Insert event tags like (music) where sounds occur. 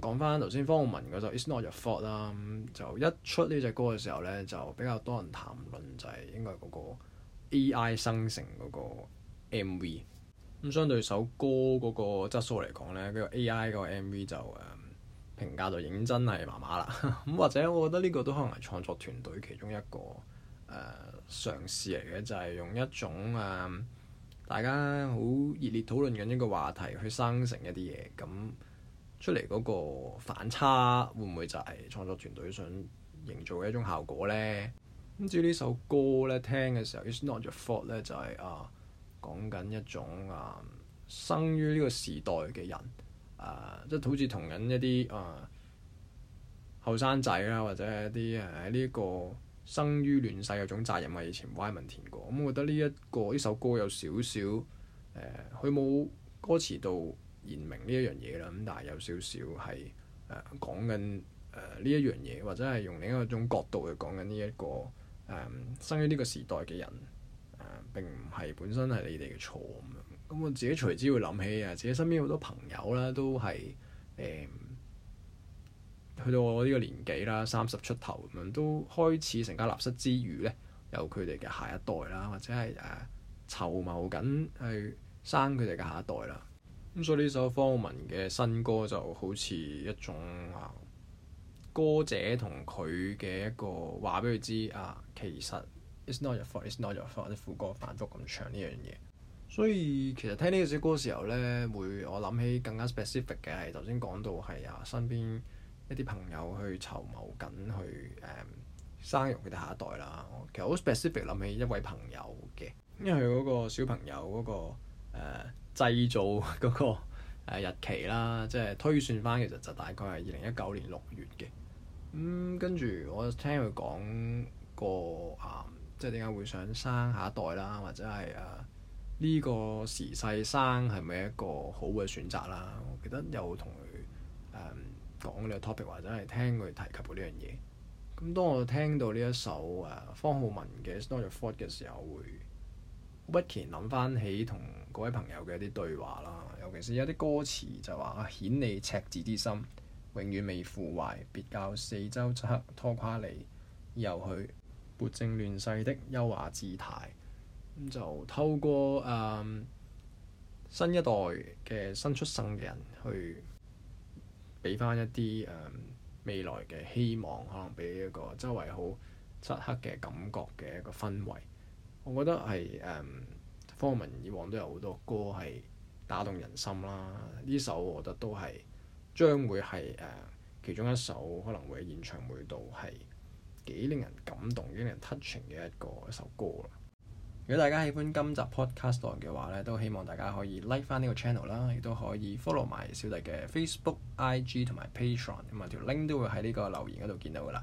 講翻頭先方皓玟嗰首《It's Not Your Fault》啦，就一出呢隻歌嘅時候咧，就比較多人談論就係、是、應該係嗰個 AI 生成嗰個 MV。咁相對首歌嗰個質素嚟講咧，嗰、那個 AI 嗰個 MV 就誒、嗯、評價就認真係麻麻啦。咁 (laughs) 或者我覺得呢個都可能係創作團隊其中一個誒、呃、嘗試嚟嘅，就係、是、用一種誒、呃、大家好熱烈討論緊呢個話題去生成一啲嘢咁。嗯。出嚟嗰個反差會唔會就係創作團隊想營造嘅一種效果咧？咁至於呢首歌咧，聽嘅時候《It's Not Your Fault》咧就係、是、啊、呃、講緊一種啊、呃、生於呢個時代嘅人啊，即、呃、係、就是、好似同緊一啲啊後生仔啦，或者一啲喺呢個生於亂世嘅種責任啊，以前 Wyman 填過。咁、嗯、我覺得呢一個呢首歌有少少誒，佢、呃、冇歌詞度。言明呢一樣嘢啦，咁但係有少少係誒講緊誒呢一樣嘢，或者係用另一種角度去講緊呢一個誒、呃、生於呢個時代嘅人誒、呃，並唔係本身係你哋嘅錯咁樣。咁我自己隨之會諗起啊，自己身邊好多朋友啦，都係誒、欸、去到我呢個年紀啦，三十出頭咁樣，都開始成家立室之餘咧，有佢哋嘅下一代啦，或者係誒、呃、籌謀緊去生佢哋嘅下一代啦。咁所以呢首方文嘅新歌就好似一種啊、呃，歌者同佢嘅一個話俾佢知啊，其實 it's not your fault, it's not your fault，啲副歌反覆咁唱呢樣嘢。所以其實聽呢首歌嘅時候咧，會我諗起更加 specific 嘅係頭先講到係啊，身邊一啲朋友去籌謀緊去誒、嗯、生育佢哋下一代啦。其實好 specific 諗起一位朋友嘅，因為佢個小朋友嗰、嗰個、嗯製造嗰個日期啦，即係推算翻，其實就大概係二零一九年六月嘅。咁跟住我聽佢講過啊，即係點解會想生下一代啦，或者係啊呢個時勢生係咪一個好嘅選擇啦？我記得有同佢誒講呢個 topic，或者係聽佢提及過呢樣嘢。咁當我聽到呢一首啊方皓玟嘅《it's not your fault》嘅時候，會忽然諗翻起同各位朋友嘅一啲對話啦，尤其是有啲歌詞就話顯 (music) 你赤子之心，永遠未腐壞，別教四周漆黑拖垮你，又去撥正亂世的優雅姿態。咁、嗯、就透過誒、嗯、新一代嘅新出生嘅人去俾翻一啲誒、嗯、未來嘅希望，可能俾一個周圍好漆黑嘅感覺嘅一個氛圍。我覺得係誒。嗯方皓玟以往都有好多歌係打動人心啦，呢首我覺得都係將會係誒、呃、其中一首可能會喺演唱會度係幾令人感動、幾令人 touching 嘅一個一首歌啦。如果大家喜歡今集 Podcast 嘅話咧，都希望大家可以 like 返呢個 channel 啦，亦都可以 follow 埋小弟嘅 Facebook、IG 同埋 Patreon，咁啊條 link 都會喺呢個留言嗰度見到㗎喇。